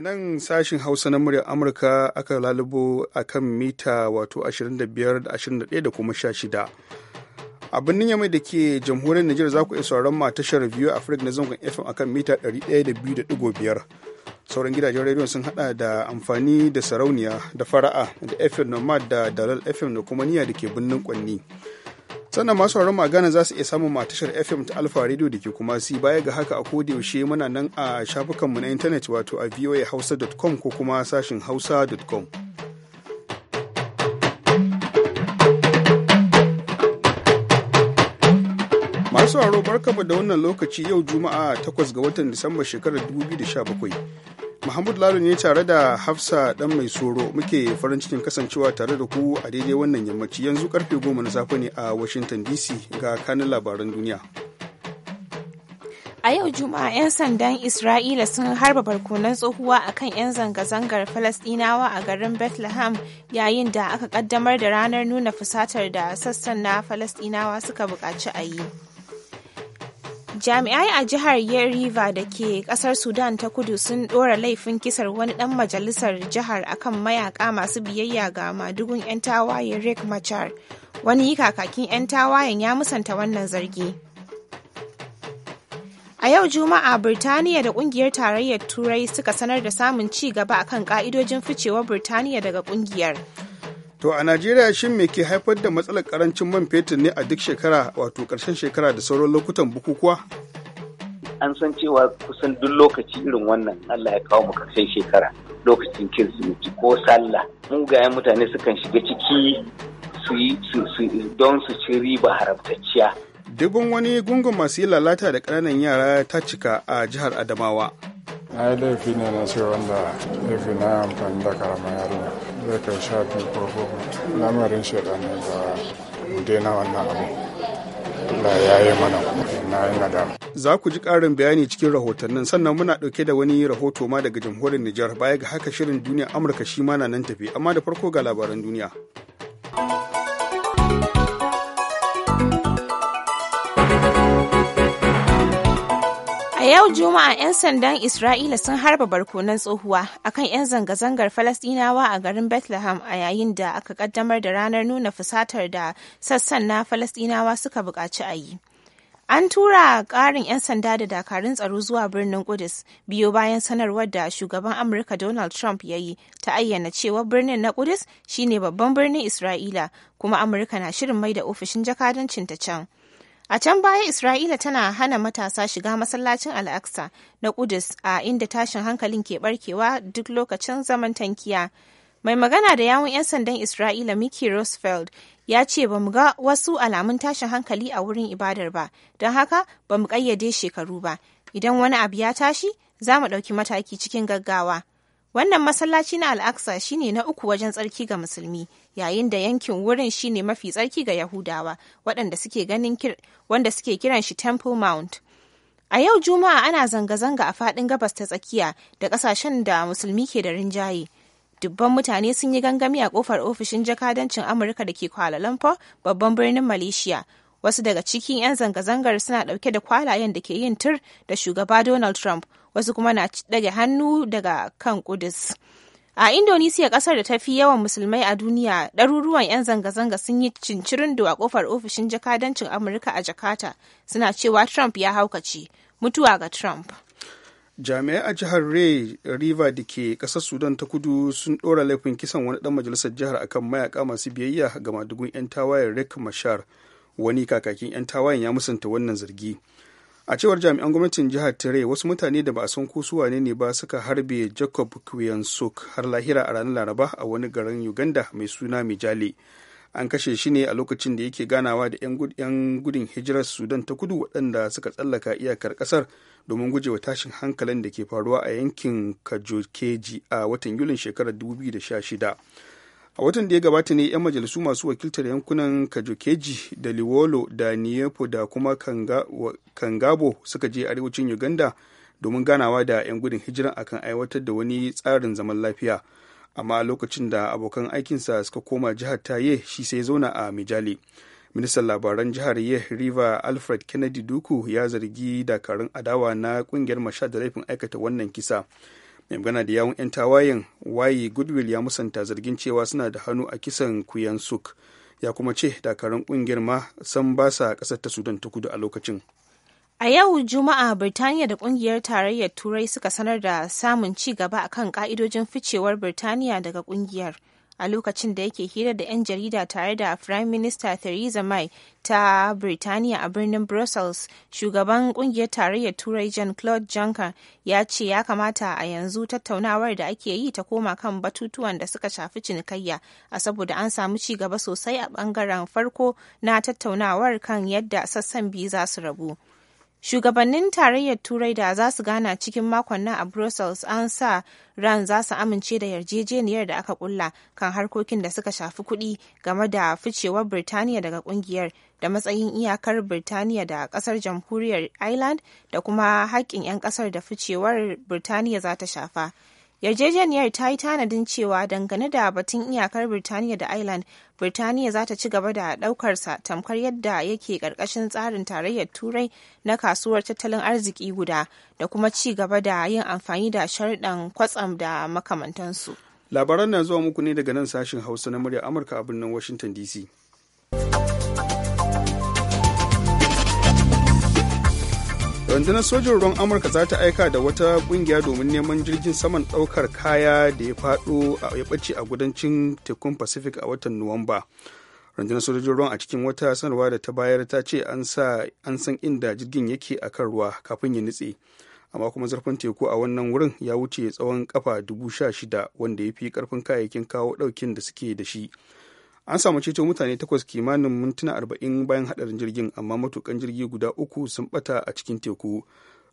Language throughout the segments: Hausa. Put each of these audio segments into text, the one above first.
daga nan sashin hausa na muryar amurka aka lalubo a kan mita wato 25 21 da kuma 16 a birnin yamai da ke jamhuriyar nijar za ku iya sauran ma tashar biyu a na zangon fm a kan mita 102.5 sauran gidajen rediyon sun hada da amfani da sarauniya da fara'a da fm nomad da dalal fm da kuma niya da ke birnin kwanni sannan masu sauraron magana za su iya samun matashar fm ta alfa radio da ke kuma si baya ga haka a yaushe muna nan a shafukanmu na intanet wato a voahausa.com ko kuma sashin hausa.com Masu haro barkamu da wannan lokaci yau Juma'a 8 ga watan Disamba shekarar 2017. Muhammadu Lalo ne tare da Hafsa dan mai soro muke farin cikin kasancewa tare da ku a daidai wannan yammaci yanzu karfe 10 na safe ne a Washington DC ga kanin labaran duniya. A yau Juma'a 'yan sandan Isra'ila sun harba barkonan tsohuwa a kan 'yan zanga-zangar Falasɗinawa a garin Bethlehem yayin da aka kaddamar da ranar nuna fusatar da sassan na Falasɗinawa suka buƙaci a yi. jami'ai a jihar yeriva da ke kasar sudan ta kudu sun dora laifin kisar wani dan majalisar jihar akan mayaka masu biyayya ga madugun 'yan tawaye rick machar wani kakakin 'yan tawayen ya musanta wannan zargi a yau juma'a birtaniya da kungiyar tarayyar turai suka sanar da samun ci gaba akan ka'idojin ficewar birtaniya daga kungiyar To a Najeriya shin me ke haifar da matsalar karancin man fetur ne a duk shekara wato karshen shekara da sauran lokutan bukukuwa? An san cewa kusan duk lokaci irin wannan Allah ya kawo mu karshen shekara lokacin Kirsimeti ko Sallah. Mugayen mutane sukan shiga ciki su yi don su ci riba haramtacciya. Dubin wani gungun masu yi lalata da ƙananan yara ta cika a jihar Adamawa. Na laifi ne na ce wanda laifi na amfani da karamar yarinya. zai kai sha biyu ko goma lamarin shaidan ne ba mu daina wannan abu Allah ya yi mana na yi nadama. Za ku ji ƙarin bayani cikin rahotannin sannan muna ɗauke da wani rahoto ma daga jamhuriyar Nijar baya ga haka shirin duniya Amurka shi ma na nan tafi amma da farko ga labaran duniya. yau Juma'a 'yan sandan Isra'ila sun harba barkonan tsohuwa akan 'yan zanga-zangar falastinawa a garin Bethlehem a yayin da aka kaddamar da ranar nuna fusatar da sassan na falastinawa suka buƙaci a yi. An tura ƙarin 'yan sanda da dakarun tsaro zuwa birnin Kudus biyo bayan sanarwar da shugaban Amurka Donald Trump ya yi ta ayyana cewa birnin na Kudus shine babban birnin Isra'ila kuma Amurka na shirin mai da ofishin jakadancin ta can. A can baya Isra'ila tana hana matasa shiga masallacin Al-Aqsa na Kudus a inda tashin hankalin ke barkewa duk lokacin zaman tankiya. Mai magana da yawun 'yan sandan Isra'ila Mickey Roosevelt ya ce ba mu ga wasu alamun tashin hankali a wurin ibadar ba, don haka ba mu ƙayyade shekaru ba. Idan wani abu ya tashi, za mu ɗauki mataki cikin gaggawa. Wannan masallaci na Al-Aqsa shine na uku wajen tsarki ga musulmi. yayin da yankin wurin shine mafi tsarki ga Yahudawa waɗanda suke ganin wanda suke kiran shi Temple Mount. A yau Juma'a ana zanga-zanga a faɗin gabas ta tsakiya da ƙasashen da musulmi ke da rinjaye. Dubban mutane sun yi gangami a ƙofar ofishin jakadancin Amurka da ke Kuala Lumpur, babban birnin Malaysia. Wasu daga cikin 'yan zanga-zangar suna ɗauke da kwalayen da ke yin tur da shugaba Donald Trump, wasu kuma na ɗage hannu daga kan ƙudus. A Indonesia kasar da ta fi yawan musulmai a duniya, ɗaruruwan 'yan zanga-zanga sun yi cincirindo a kofar ofishin jakadancin Amurka a Jakarta suna cewa Trump ya haukace, mutuwa ga Trump. Jami'ai a jihar Ray River da ke ƙasar Sudan ta kudu sun ɗora laifin kisan wani ɗan majalisar jihar akan mayaka masu biyayya ga madugun 'yan tawayen Rick Mashar. Wani kakakin 'yan tawayen ya musanta wannan zargi. a cewar jami'an gwamnatin jihar tire wasu mutane da ba a san ko su wane ne ba suka harbe jacob kuyansuk har lahira a ranar laraba a wani garin uganda mai suna mijali an kashe shi ne a lokacin da yake ganawa da 'yan gudun hijirar sudan ta kudu waɗanda suka tsallaka iyakar ƙasar domin gujewa tashin hankalin da ke faruwa a yankin kajokeji a watan yulin shekarar 2016 a watan da ya gabata ne 'yan majalisu masu wakiltar yankunan kajokeji da liwolo da niyepo da kuma kangabo suka je arewacin uganda domin ganawa da 'yan gudun hijiran akan aiwatar da wani tsarin zaman lafiya amma lokacin da abokan aikinsa suka koma jihar taye shi sai zauna a mijali ministan labaran jihar ye river alfred kennedy duku ya zargi dakarun adawa na kungiyar masha da laifin aikata wannan kisa mai magana da yawun 'yan tawayen wayi goodwill ya musanta zargin cewa suna da hannu a kisan kuyan suk ya kuma ce dakarun kungiyar ma san ba sa kasar ta sudan ta kudu a lokacin a yau juma'a birtaniya da kungiyar tarayyar turai suka sanar da samun ci gaba akan ka'idojin ficewar birtaniya daga kungiyar a lokacin da yake hira da 'yan jarida tare da Prime Minister Theresa May ta Birtaniya a birnin Brussels, shugaban kungiyar tarayyar Turai Jean-Claude Juncker ya ce ya kamata a yanzu tattaunawar da ake yi ta koma kan batutuwan da suka shafi cinikayya, a saboda an samu ci gaba sosai a bangaren farko na tattaunawar kan yadda sassan biyu za su rabu. shugabannin tarayyar turai da za su gana cikin makon nan a brussels an sa ran za su amince da yarjejeniyar da aka kulla kan harkokin da suka shafi kuɗi game da ficewar birtaniya daga kungiyar da matsayin iyakar birtaniya da kasar jamhuriyar ireland da kuma haƙƙin 'yan kasar da ficewar birtaniya za ta shafa yarjejeniyar ta yi tanadin cewa dangane da batun iyakar birtaniya da ireland birtaniya za ta ci gaba da ɗaukarsa tamkar yadda yake ƙarƙashin tsarin tarayyar turai na kasuwar tattalin arziki guda da kuma ci gaba da yin amfani da sharɗan kwatsam da makamantansu labaran na zuwa muku ne daga nan sashen hausa na murya amurka a birnin washington dc rundunar sojin ruwan amurka za ta aika da wata kungiya domin neman jirgin saman daukar kaya da ya fado ya ɓace a gudancin tekun pacific a watan nuwamba rundunar sojojin ruwan a cikin wata sanarwa da ta bayar ta ce an san inda jirgin yake a kan ruwa kafin ya nutse amma kuma zarfin teku a wannan wurin ya wuce tsawon kafa dubu sha shida wanda ya fi karfin kayayyakin kawo daukin da suke da shi an samu ceto mutane takwas kimanin mintuna arba'in bayan hadarin jirgin amma matukan jirgi guda uku sun bata a cikin teku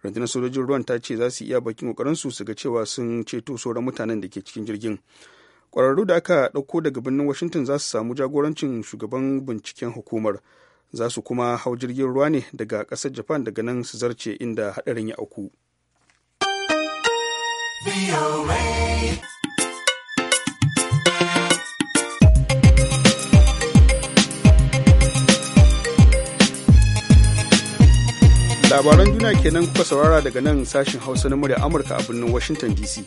rundunar sojojin ruwan ta ce za su iya bakin kokarinsu su ga cewa sun ceto sauran mutanen da ke cikin jirgin kwararru da aka ɗauko daga birnin washington za su samu jagorancin shugaban binciken hukumar za su kuma hau jirgin ruwa ne daga ƙasar japan daga nan su zarce inda hadarin ya auku. labaran duniya kenan kuka saurara daga nan sashin hausa na murya amurka a birnin washington dc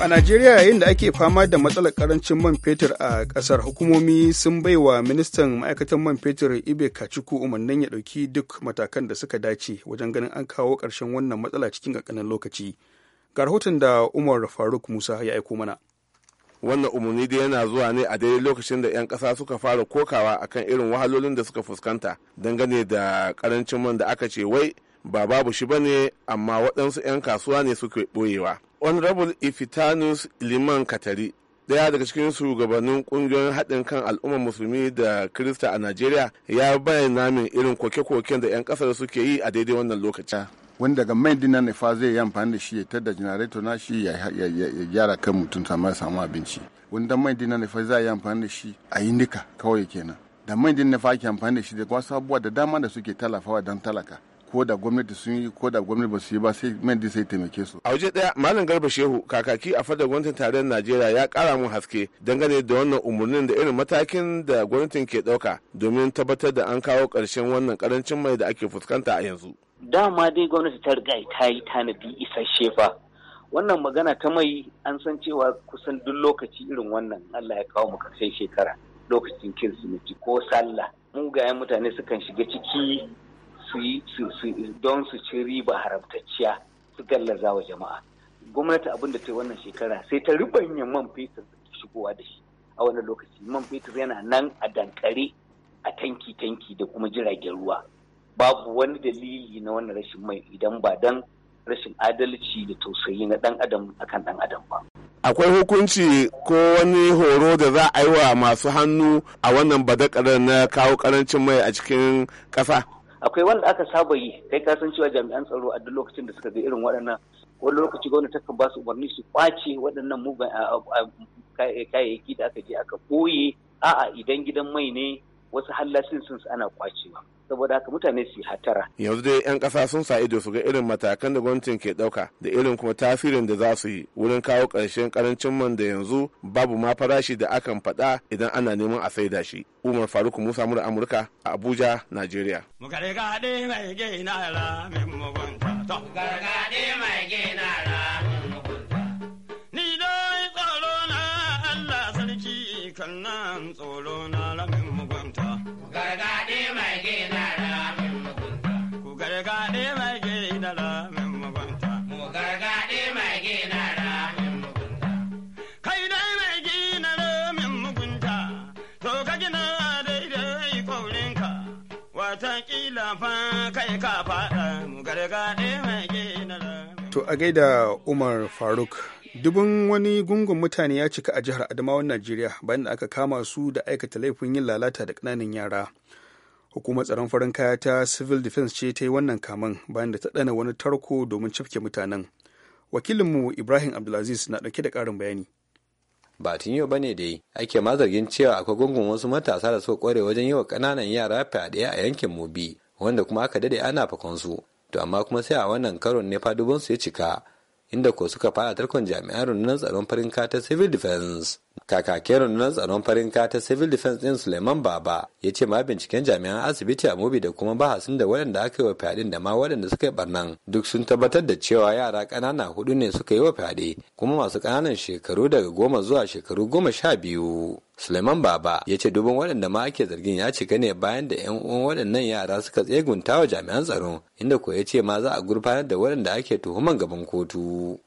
a najeriya yayin da ake fama da matsalar karancin man fetur a kasar hukumomi sun bai wa ministan ma'aikatan man fetur ibe kaciku umarnin ya dauki duk matakan da suka dace wajen ganin an kawo ƙarshen wannan matsala cikin ƙanƙanin lokaci ga rahoton da umar faruk musa ya aiko mana wannan umarni da yana zuwa ne a daidai lokacin da 'yan kasa suka fara kokawa a kan irin wahalolin da suka fuskanta dangane da karancin man da aka ce wai ba babu shi bane amma waɗansu 'yan kasuwa ne suke ɓoyewa honorable ifitanus liman katari daya daga cikin shugabannin kungiyoyin haɗin kan al'ummar musulmi da kirista a najeriya ya bayyana min irin koke-koken da 'yan ƙasar suke yi a daidai wannan lokacin wani daga mai dinan ne fa zai yi amfani da shi ya tada generator na shi ya gyara kan mutum samu abinci wani dan mai dinan ne fa zai yi amfani da shi a yi nika kawai kenan da mai dinan ne fa ake amfani da shi da wasu abubuwa da dama da suke tallafawa don talaka ko da gwamnati sun yi ko da gwamnati ba su yi ba sai mai mendi sai taimake su. A waje daya Malam Garba Shehu kakaki a fadar gwamnatin tarayyar Najeriya ya kara mun haske dangane da wannan umarnin da irin matakin da gwamnatin ke ɗauka domin tabbatar da an kawo ƙarshen wannan ƙarancin mai da ake fuskanta a yanzu. dama dai gwamnati ta riga ta yi tanadi isasshe fa wannan magana ta mai an san cewa kusan duk lokaci irin wannan Allah ya kawo mu karshen shekara lokacin kirsimeti ko sallah mugayen mutane sukan shiga ciki su yi don su ci riba haramtacciya su gallaza wa jama'a gwamnati abinda ta yi wannan shekara sai ta ribanya man fetur da shigowa da shi a wannan lokaci man fetur yana nan a dankare a tanki-tanki da kuma jiragen ruwa babu wani dalili na wannan rashin mai idan ba dan rashin adalci da tausayi na dan adam akan dan adam ba akwai hukunci ko wani horo da za a yi wa masu hannu a wannan badakarar na kawo karancin mai a cikin ƙasa akwai wanda aka saba yi kai ka cewa jami'an tsaro a duk lokacin da suka ga irin waɗannan wani lokaci gwamnati takan ba su umarni su kwace waɗannan mugan kayayyaki da aka je aka ɓoye a'a idan gidan mai ne wasu hallasin sun ana kwacewa saboda haka mutane su hatara. Yanzu dai 'yan ƙasa sun sa ido su ga irin matakan da gwamnatin ke ɗauka da irin kuma tasirin da za su yi wurin kawo ƙarshen karancin man da yanzu babu ma farashi da akan faɗa idan ana neman a saida shi. Umar Faruk Musa Mura Amurka a Abuja, Najeriya. mai gina mai gina To a gaida Umar Faruk Dubin wani gungun mutane ya cika a jihar Adamawan Najeriya bayan da aka kama su da aikata laifin yin lalata da ƙananan yara. Hukumar tsaron farin kaya ta Civil Defense ce ta yi wannan kaman bayan da ta ɗana wani tarko domin cafke mutanen. Wakilinmu Ibrahim Abdulaziz na ɗauke da ƙarin bayani. ba tun yau bane dai ake ma zargin cewa akwai gungun wasu matasa da suka kware wajen yi wa ƙananan yara fyaɗe a yankin Mobi wanda kuma aka dade ana su to amma kuma sai a wannan karon ne fadubansu ya cika inda ko suka fara tarkon jami'an rundunar tsaron farin kata civil defense kakakin rundunar tsaron farin ta civil defense din suleiman baba ya ce ma binciken jami'an asibiti a mobi da kuma bahasin da waɗanda aka yi wa fyaɗen da ma waɗanda suka yi barnan duk sun tabbatar da cewa yara ƙanana hudu ne suka yi wa fyaɗe kuma masu ƙananan shekaru daga goma zuwa shekaru goma sha biyu Suleiman Baba ya ce dubin waɗanda ma ake zargin ya cika ne bayan da 'yan uwan waɗannan yara suka tsegunta wa jami'an tsaro inda ko ya ce ma za a gurfanar da waɗanda ake tuhuman gaban kotu.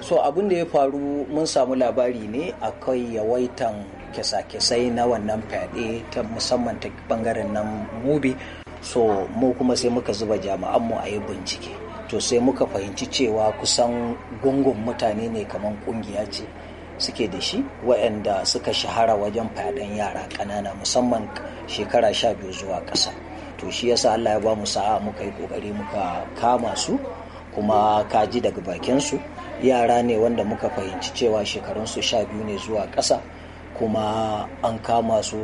so abin da ya faru mun samu labari ne akwai yawaitan kyasa-kyasai na wannan fyaɗe ta musamman ta bangaren nan mubi so mu kuma sai muka zuba jama'an mu a yi bincike to sai muka fahimci cewa kusan gungun mutane ne kamar kungiya ce suke da shi waɗanda suka shahara wajen fyaɗen yara ƙanana musamman shekara sha biyu zuwa ƙasa to shi yasa allah ya ba mu sa'a muka yi ƙoƙari muka kama su kuma kaji daga bakinsu yara ne wanda muka fahimci cewa shekarunsu sha biyu ne zuwa ƙasa kuma an kama su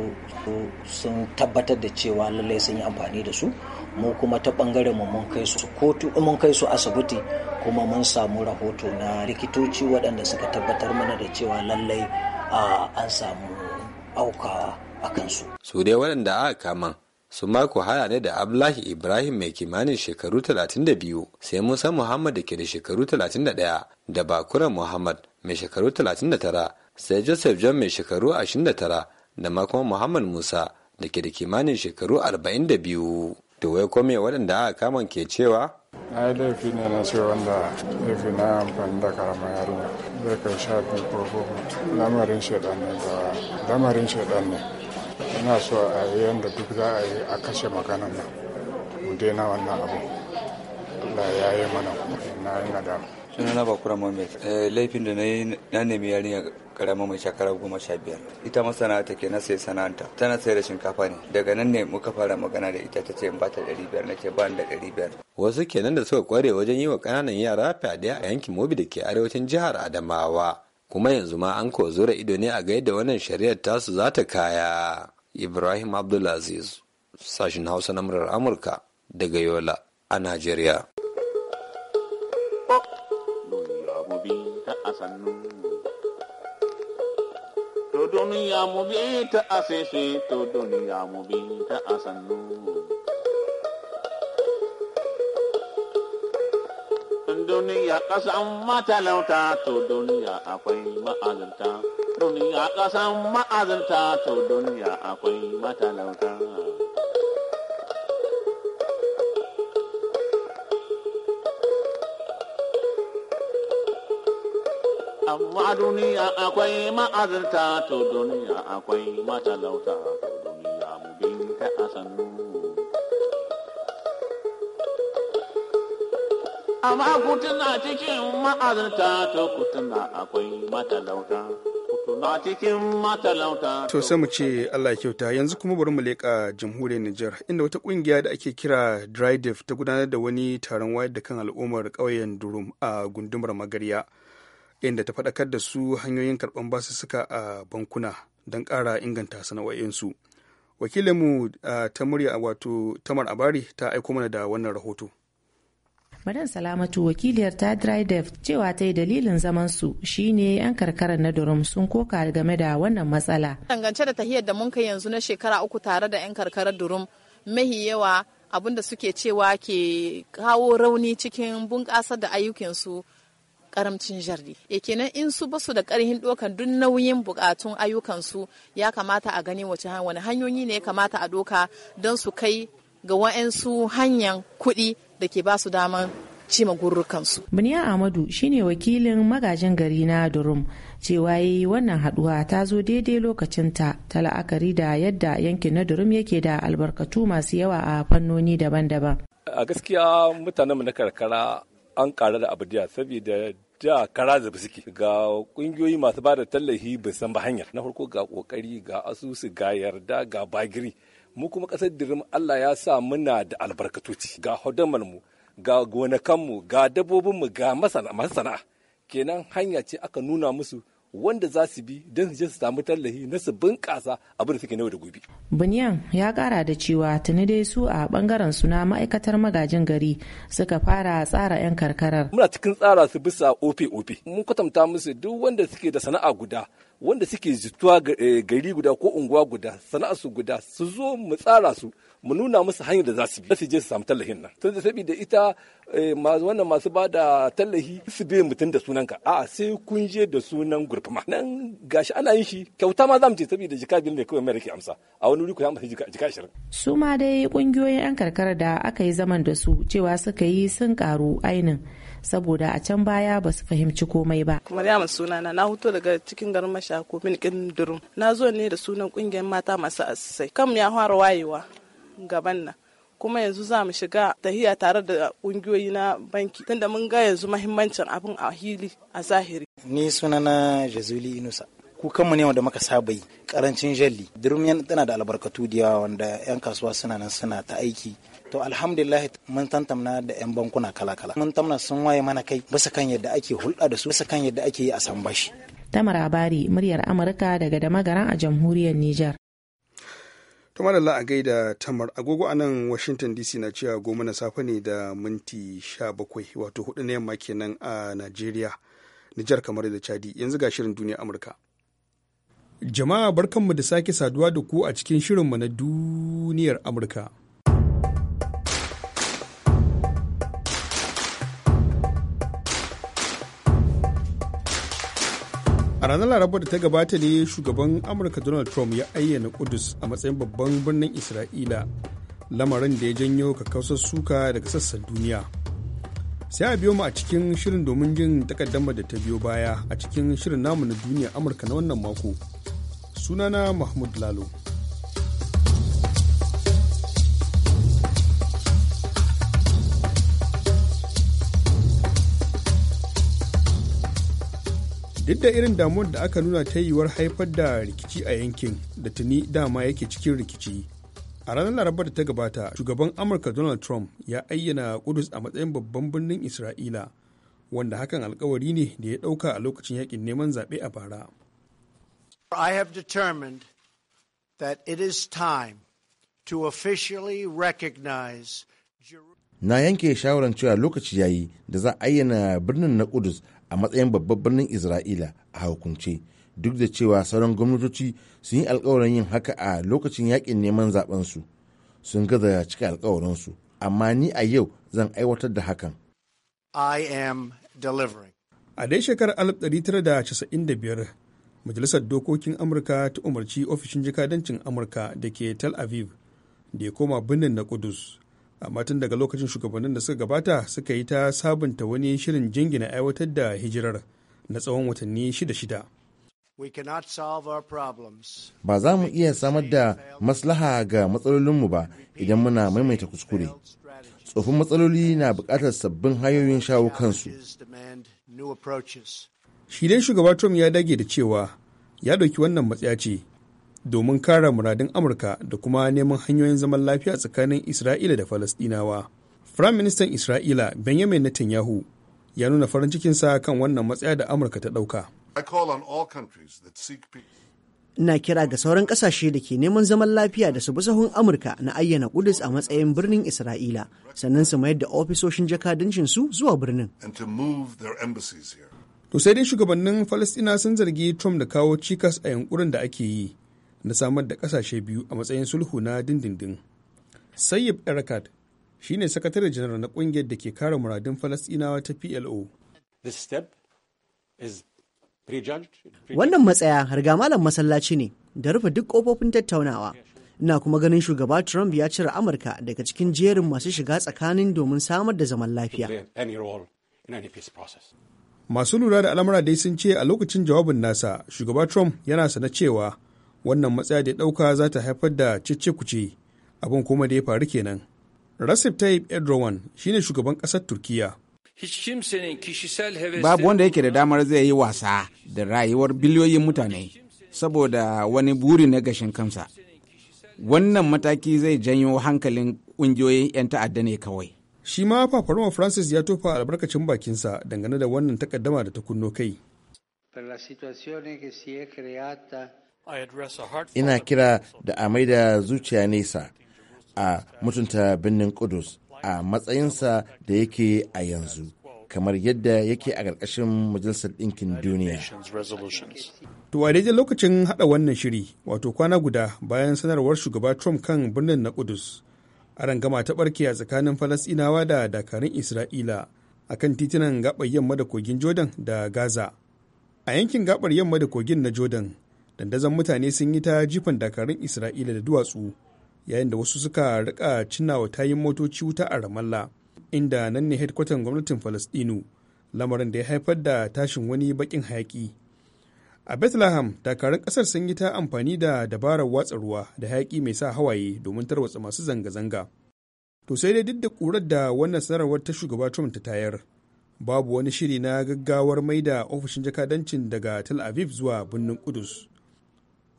sun tabbatar da cewa lallai sun yi amfani da su mu kuma ta ɓangare mu mun kai su asibiti kuma mun samu rahoto na likitoci waɗanda suka tabbatar mana da cewa lallai an samu aukawa a kansu su dai waɗanda aka kama su mako haya ne da ablahi ibrahim mai kimanin shekaru 32 sai musa muhammad da ke da shekaru 31 da bakura muhammad mai shekaru 39 sai joseph john mai shekaru 29 da makon muhammad musa da ke da kimanin shekaru 42 to wai kome waɗanda aka kaman ke cewa na yi laifi ne na ce wanda laifi na amfani da karama yarinya zai kai sha biyu ko goma lamarin shaidan ne da lamarin shaidan ne ina so a yi yadda duk za a yi a kashe maganan nan mu daina wannan abu Allah ya yi mana kuma na yi nadama sunana bakura mohammed eh, laifin da na yi na nemi yarinya karama mai shekara goma sha biyar ita masana'anta ke na sai sana'anta tana sai da shinkafa ne daga nan ne muka fara magana da ita ta ce ba ta ɗari biyar na ke ba da ɗari biyar. wasu kenan da suka kware wajen yi wa ƙananan yara fyaɗe a yankin mobi da ke arewacin jihar adamawa kuma yanzu ma an ko zura ido ne a gaida wannan shari'ar tasu za ta kaya ibrahim abdulaziz sashin hausa na murar amurka daga yola a najeriya. a sannu. To bi ta asese, to duniya mu bi ta todoni ya Duniya ƙasan matalauta, todoni ya akwai ma'azanta. Duniya ƙasan ma'azanta, todoni ya akwai matalauta. amma duniya akwai ma'azarta to duniya akwai matalauta to duniya mu binta a sannu amma kutuna cikin ma'azarta to kutuna akwai matalauta To sai mu ce Allah kyauta yanzu kuma bari mu leƙa jamhuriyar Nijar inda wata ƙungiya da ake kira Drydev ta gudanar da wani taron wayar da kan al'ummar ƙauyen Durum a gundumar Magarya. inda ta faɗakar da su hanyoyin karɓan suka a bankuna don ƙara inganta sana'o'insu wakilinmu ta murya wato tamar abari ta aiko mana da wannan rahoto madan salamatu wakiliyar ta dridev cewa ta yi dalilin zaman su shine yan karkarar na durum sun koka game da wannan matsala dangance da tahiyar da mun kai yanzu na shekara uku tare da yan karkarar durum mahi yawa abinda suke cewa ke kawo rauni cikin bunƙasar da ayyukansu karamcin jardi e kenan in su basu da karhin dokan duk nauyin bukatun ayyukansu ya kamata a gani wace wani hanyoyi ne ya kamata a doka don su kai ga wa'ansu hanyar kuɗi da ke basu damar cima gurrukansu. Buniya Amadu shine wakilin magajin gari na Durum cewa yi wannan haduwa ta zo daidai lokacinta ta la'akari da yadda yankin na Durum yake da albarkatu masu yawa a fannoni daban-daban. A gaskiya mutanenmu na karkara an kara da abadiya saboda da kara da suke ga kungiyoyi masu ba da tallafi ba san ba hanyar na farko ga kokari ga asusu ga yarda ga bagiri mu kuma kasar dirim Allah ya sa muna da albarkatoci ga hodamar mu ga gonakan mu ga dabbobin mu ga masana kenan hanya ce aka nuna musu wanda za su bi don su je su samu tallafi na su bunƙasa abin da suke na da gobe. Bunyan ya ƙara da cewa tuni dai su a ɓangaren suna ma'aikatar magajin gari suka fara tsara 'yan karkarar. Muna cikin tsara su bisa ofe-ofe. Mun kwatanta musu duk wanda suke da sana'a guda wanda suke jituwa eh, gari guda ko unguwa guda sana'a su guda su zo mu tsara su mu nuna musu hanyar da za su bi su je su samu tallahin nan tun da da ita eh, wannan masu ba da tallahi su bi mutum da sunanka a sai kun je da sunan gurfama nan gashi ana yin shi kyauta ma za mu ce sabida jika biyu ne kawai mai rike amsa a wani wuri ku ya amsa jika ashirin. su ma dai kungiyoyin yan karkara da aka yi zaman da su cewa suka yi sun karu ainin saboda a can baya ba su fahimci komai ba. yamma sunana na huto daga cikin garin Mashako min durum. Na zo ne da sunan kungiyar mata masu asisai. Kam ya fara wayewa gaban nan kuma yanzu za mu shiga tahiya tare da ƙungiyoyi na banki tunda mun ga yanzu mahimmancin abin a hili a zahiri ni sunana jazuli inusa kukanmu ne wanda muka saba yi karancin jalli durmiyan tana da albarkatu da yawa wanda yan kasuwa suna nan suna ta aiki to alhamdulillah mun tantamna da yan bankuna kala-kala mun tamna sun waye mana kai basa kan yadda ake hulɗa da su bisa kan yadda ake yi a sambashi. bashi bari muryar amurka daga damagaran a jamhuriyar nijar. kama da a gaida tamar agogo a nan Washington DC na cewa goma na safe ne da minti sha bakwai wato hudu na yamma kenan a nigeria Nijar kamar da Chadi yanzu ga shirin duniya Amurka. Jama'a barkanmu da sake saduwa da ku a cikin shirinmu na duniyar Amurka. a ranar laraba da ta gabata ne shugaban amurka donald trump ya ayyana kudus a matsayin babban birnin isra'ila lamarin da ya janyo kakkausar suka daga sassan duniya sai a biyo mu a cikin shirin domin jin takaddamar da ta biyo baya a cikin shirin namu na duniya amurka na wannan mako sunana mahmud lalo duk da irin damuwar da aka nuna ta yiwuwar haifar da rikici a yankin da tuni dama yake cikin rikici a ranar larabar da ta gabata shugaban amurka donald trump ya ayyana kudus a matsayin babban birnin isra'ila wanda hakan alkawari ne da ya dauka a lokacin yakin neman zaɓe a bara i have that it time to officially recognize na yanke shawaran cewa lokaci yayi da za a ayyana birnin na kudus a matsayin babban birnin isra'ila a hukunce duk da cewa sauran gwamnatoci sun yi alkawarin yin haka a lokacin yakin neman zabensu sun gaza cika alkawarinsu amma ni a yau zan aiwatar da hakan i am delivering a dai shekarar 1995 majalisar dokokin amurka ta umarci ofishin jikadancin amurka da ke tel aviv da ya koma birnin na kudus amma tun daga lokacin shugabannin da suka gabata suka yi ta sabunta wani shirin jingina aiwatar da hijirar na tsawon watanni shida-shida. Ba za mu iya samar da maslaha ga matsalolinmu ba idan muna maimaita kuskure. Tsofin matsaloli na buƙatar sabbin hanyoyin shawo kansu. Shi dai shugaba Trump ya dage da cewa ya ɗauki wannan matsaya ce domin kare muradun amurka da kuma neman hanyoyin zaman lafiya tsakanin isra'ila da falasɗinawa firayim ministan isra'ila benjamin netanyahu ya nuna farin cikinsa kan wannan matsaya da amurka ta ɗauka na kira ga sauran kasashe da ke neman zaman lafiya da su bi amurka na ayyana kudus a matsayin birnin isra'ila sannan su mayar da ofisoshin jakadancin su zuwa birnin to sai dai shugabannin falastina sun zargi trump da kawo cikas a yankurin da ake yi na samar da kasashe biyu a matsayin sulhu na dindindin sayyib shi ne sakatare janar na kungiyar da ke kare muradun falasɗinawa ta plo wannan matsaya harga malam masallaci ne da rufe duk ƙofofin tattaunawa ina kuma ganin shugaba trump ya cire amurka daga cikin jerin masu shiga tsakanin domin samar da zaman lafiya masu lura da al'amura dai sun ce a lokacin jawabin nasa shugaba trump yana sana cewa wannan matsaya da ɗauka za ta haifar da ce, abin kuma da ya faru kenan Recep Tayyip Erdogan shine shugaban ƙasar Turkiyya. Babu wanda yake da damar zai yi wasa da rayuwar biliyoyin mutane saboda wani buri na gashin kansa. Wannan mataki zai janyo hankalin ƙungiyoyin 'yan ta'adda ne kawai. Shi ma Fafaroma Francis ya tofa albarkacin bakinsa dangane da wannan takaddama da ta kunno kai. Per Ina kira da amai da zuciya nesa a mutunta birnin Kudus a matsayinsa da yake a yanzu. kamar yadda yake a ƙarƙashin majalisar ɗinkin duniya. To a daidai lokacin haɗa wannan shiri wato kwana guda bayan sanarwar shugaba Trump kan birnin na Kudus. A rangama ta ɓarke a tsakanin Falasɗinawa da dakarun Isra'ila a kan titunan gaɓar yamma da kogin Jordan da Gaza. A yankin gaɓar yamma da kogin na Jordan, dandazon mutane sun yi ta jifan dakarun isra'ila da duwatsu yayin da wasu suka rika cinnawa tayin motoci wuta a ramallah inda nan ne hedkwatan gwamnatin falastinu lamarin da ya haifar da tashin wani bakin hayaki a bethlehem dakarun kasar sun yi ta amfani da dabarar watsa ruwa da hayaki mai sa hawaye domin tarwatsa masu zanga-zanga to sai dai duk da kurar da wannan sanarwar ta shugaba trump ta tayar babu wani shiri na gaggawar maida ofishin jakadancin daga tel aviv zuwa birnin kudus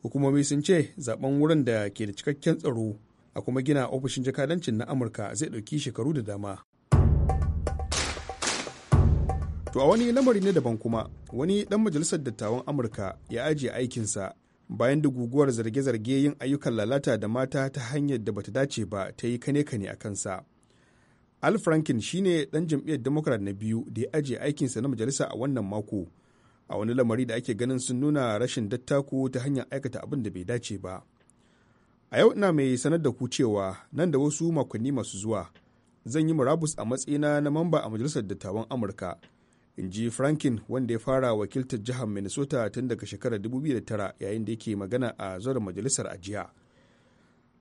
hukumomi sun ce zaben wurin da ke da cikakken tsaro a kuma gina ofishin jakadancin na amurka zai ɗauki shekaru da dama to a wani lamari ne daban kuma wani dan majalisar dattawan amurka ya ajiye aikinsa bayan da guguwar zarge-zarge yin ayyukan lalata da mata ta hanyar da bata dace ba ta yi kane-kane a kansa al franken shine dan jam'iyyar democrat na biyu da ya ajiye aikinsa na majalisa a wannan mako a wani lamari da ake ganin sun nuna rashin dattako ta hanyar aikata abin da bai dace ba a yau ina mai sanar da ku cewa nan da wasu makonni masu zuwa zan yi murabus a matsayina na mamba a majalisar dattawan amurka in ji frankin wanda ya fara wakiltar jihar minnesota tun daga shekarar 2009 yayin da yake magana a zuwa majalisar a jiya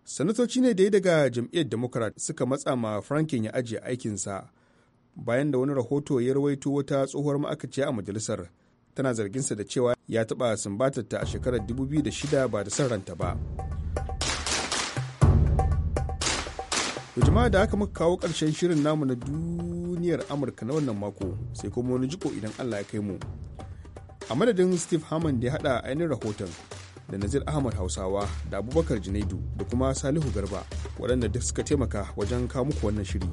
sanatoci ne da ya daga jam'iyyar democrat suka matsa ma frankin ya ajiye aikinsa bayan da wani rahoto ya rawaito wata tsohuwar ma'aikaciya a majalisar tana zarginsa da cewa ya taɓa sumbatar ta a shekarar 2006 ba da son ranta ba. jama'a da aka muka kawo ƙarshen shirin namu na duniyar Amurka na wannan mako sai kuma wani jiko idan Allah ya kai mu. A madadin Steve Hammond da ya haɗa ainihin rahoton da Nazir Ahmad Hausawa da Abubakar Junaidu da kuma Salihu Garba waɗanda duk suka taimaka wajen kawo muku wannan shiri.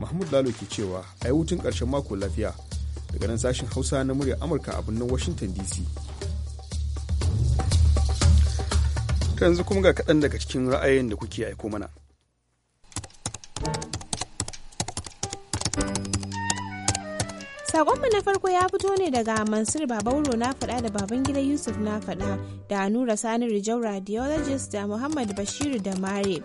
Mahmud Lalo ke cewa a yi hutun ƙarshen mako lafiya. daga nan sashen hausa na murya amurka a birnin washington dc yanzu kuma ga kaɗan daga cikin ra'ayin da kuke aiko mana Sakonmu na farko ya fito ne daga Mansur Babauro na faɗa da baban gidan Yusuf na faɗa da Anura Sani Rijau Radiologist da Muhammad Bashiru da Mare.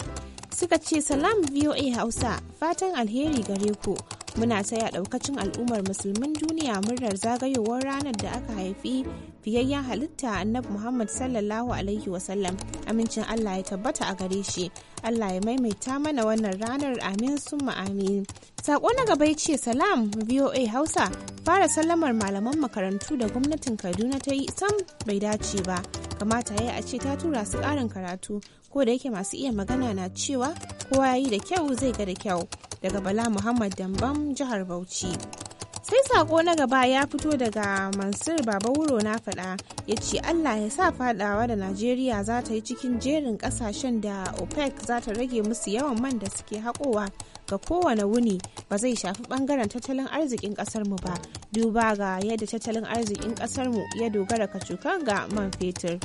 suka ce salam VOA Hausa fatan alheri gare ku. Muna saya daukacin al'ummar musulmin duniya murnar zagayowar ranar da aka haifi fiyayyen halitta annabi Muhammad sallallahu alaihi wasallam amincin Allah ya tabbata a gare shi. Allah ya maimaita mana wannan ranar amin summa amin. Sako na gaba ce salam VOA Hausa fara sallamar malaman makarantu da gwamnatin Kaduna ta yi sam bai dace ba. kamata ya a ce ta tura su ƙarin karatu ko da yake masu iya magana na cewa kowa yayi yi da kyau zai ga da kyau daga bala muhammad dambam jihar bauchi sai sako na gaba ya fito daga mansur baba wuro na faɗa ya ce allah ya sa fadawa da najeriya za ta yi cikin jerin ƙasashen da opec za ta rage musu yawan man da suke haƙowa ga kowane wuni ba zai shafi bangaren tattalin arzikin ƙasarmu ba duba ga yadda tattalin arzikin ƙasarmu ya dogara kacukan ga man fetur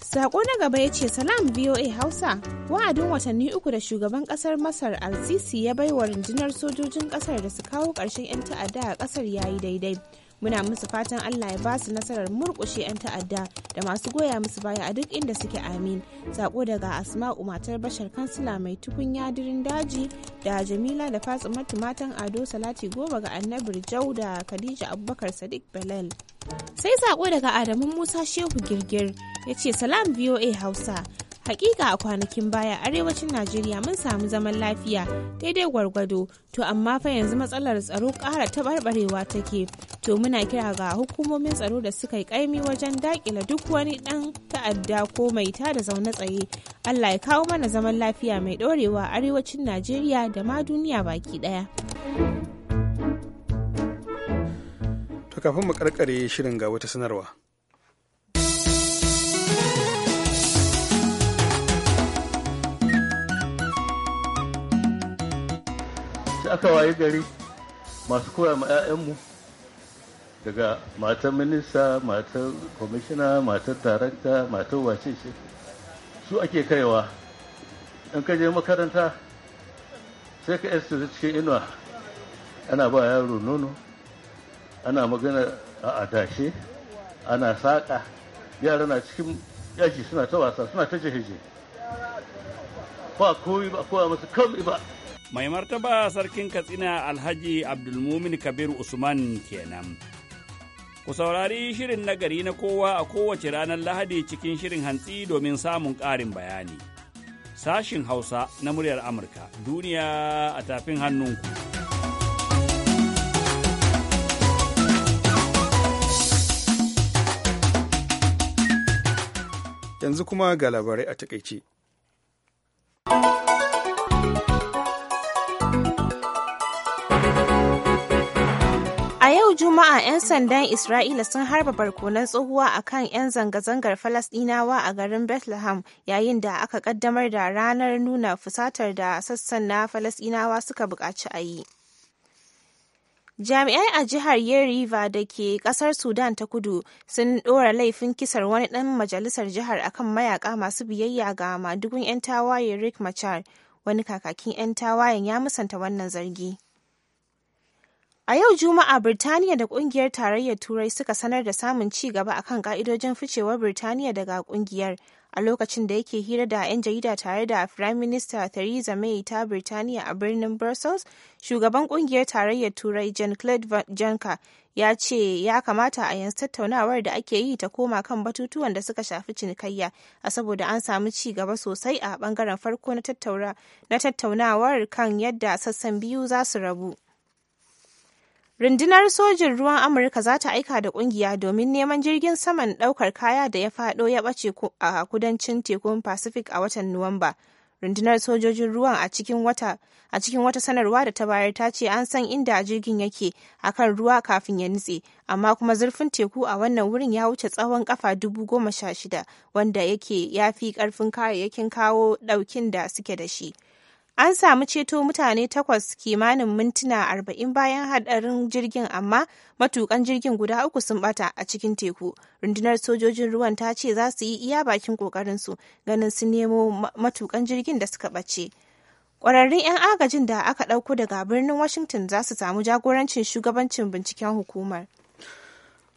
Sako na gaba ya ce salam VOA Hausa wa'adin watanni uku da shugaban kasar Masar al-Sisi ya wa rundunar sojojin kasar da su kawo ƙarshen 'yan ta'adda a kasar yayi daidai. Muna musu fatan Allah ya ba su nasarar murkushe 'yan ta'adda da masu goya musu baya a duk inda suke amin. Sako daga Asma'u matar Bashar kansila mai tukunya dirin daji da Jamila da Fatimatu matan Ado Salati goma ga Annabir Jau da Khadija Abubakar Sadiq Belal. sai sako daga adamu musa shehu girgir ya ce salam voa hausa hakika a kwanakin baya arewacin najeriya mun samu zaman lafiya daidai gwargwado to amma fa yanzu matsalar tsaro ƙara taɓarɓarewa take to muna kira ga hukumomin tsaro da suka yi ƙaimi wajen daƙile duk wani ɗan ta'adda ko mai ta da zaune tsaye allah ya kawo mana zaman lafiya mai ɗorewa arewacin najeriya da ma duniya baki ɗaya. Ka kafin mu karkare shirin ga wata sanarwa aka wayi gari masu koya ma 'ya'yanmu daga matan minista matan kwamishina matan darakta matan wace shi su ake kaiwa in ka je makaranta sai ka su cikin inuwa ana ba yaro nono ana magana a adashe ana saƙa yara na cikin yaji suna ta wasa suna ta jeheje ba koyi ba kowa masu kawai ba mai martaba sarkin katsina alhaji abdulmumin kabir usman kenan ku saurari shirin nagari na kowa a kowace ranar lahadi cikin shirin hantsi domin samun ƙarin bayani sashin hausa na muryar amurka duniya a tafin hannunku. yanzu kuma ga labarai a takaice A yau Juma'a 'yan sandan Isra'ila sun harba barkonan tsohuwa a kan 'yan zanga-zangar Falasɗinawa a garin Bethlehem yayin da aka ƙaddamar da ranar nuna fusatar da sassan na Falasɗinawa suka buƙaci a yi. Jami'ai a jihar Yeriva da ke kasar Sudan ta kudu sun ɗora laifin kisar wani ɗan majalisar jihar akan mayaka masu biyayya ga madugun 'yan tawaye Rick Machar, wani kakakin 'yan tawayen ya musanta wannan zargi. A yau Juma'a Birtaniya da Ƙungiyar Tarayyar Turai suka sanar da samun ci gaba akan ƙa'idojin ficewar Birtaniya daga ƙungiyar a lokacin da yake hira da 'yan jarida tare da Firayim Minista Theresa May ta Birtaniya a birnin Brussels, shugaban kungiyar tarayyar Turai Jean-Claude Juncker ya ce ya kamata a yanzu tattaunawar da ake yi ta koma kan batutuwan da suka shafi cinikayya a saboda an samu ci gaba sosai a bangaren farko na tattaunawar kan yadda sassan biyu za su rabu. Rundunar sojin ruwan Amurka za ta aika da kungiya domin neman jirgin saman daukar kaya da ya fado ya bace a kudancin tekun Pacific a watan Nuwamba. Rundunar sojojin ruwan a cikin wata a cikin wata sanarwa da ta bayar ta ce an san inda jirgin yake akan ruwa kafin ya nutse, amma kuma zurfin teku a wannan wurin ya wuce tsawon kafa dubu goma sha shida wanda yake ya fi karfin kayayyakin kawo daukin da suke da shi. An samu ceto mutane takwas kimanin mintuna arba'in bayan hadarin jirgin amma matukan jirgin guda uku sun bata a cikin teku. Rundunar sojojin ruwan ta ce za su yi iya bakin ƙoƙarinsu ganin su nemo matukan jirgin da suka ɓace. Ƙwararrun 'yan agajin da aka ɗauko daga birnin Washington za su samu jagorancin shugabancin binciken hukumar.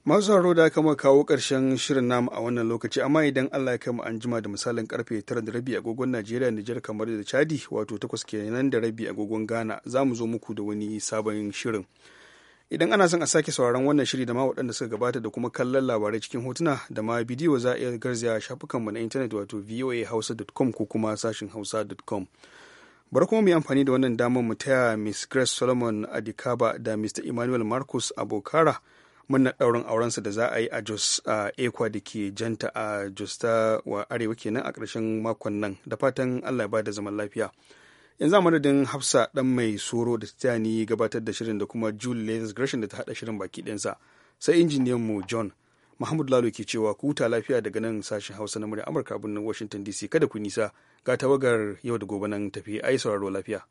masu sauraro da aka kawo karshen shirin namu a wannan lokaci amma idan allah ya kai mu an jima da misalin karfe 9 da rabi agogon najeriya nijar kamar da chadi wato 8 kenan da rabi agogon ghana za mu zo muku da wani sabon shirin idan ana son a sake sauraron wannan shiri da ma waɗanda suka gabata da kuma kallon labarai cikin hotuna da ma bidiyo za a iya garzaya shafukanmu na intanet wato voahausa.com ko kuma sashin hausa.com bari kuma mu yi amfani da wannan damar mu taya miss grace solomon adikaba da mr emmanuel marcus abokara murnar ɗaurin aurensa da za a yi a jos a ekwa da ke janta a jos ta wa arewa kenan a ƙarshen makon nan da fatan allah ba da zaman lafiya yanzu a madadin hafsa dan mai soro da titani gabatar da shirin da kuma jule lathis gresham da ta haɗa shirin baki ɗinsa sai injiniyan mu john muhammadu lalo ke cewa ku huta lafiya daga nan sashen hausa na murya amurka birnin washington dc kada ku nisa ga tawagar yau da gobe nan tafi ai sauraro lafiya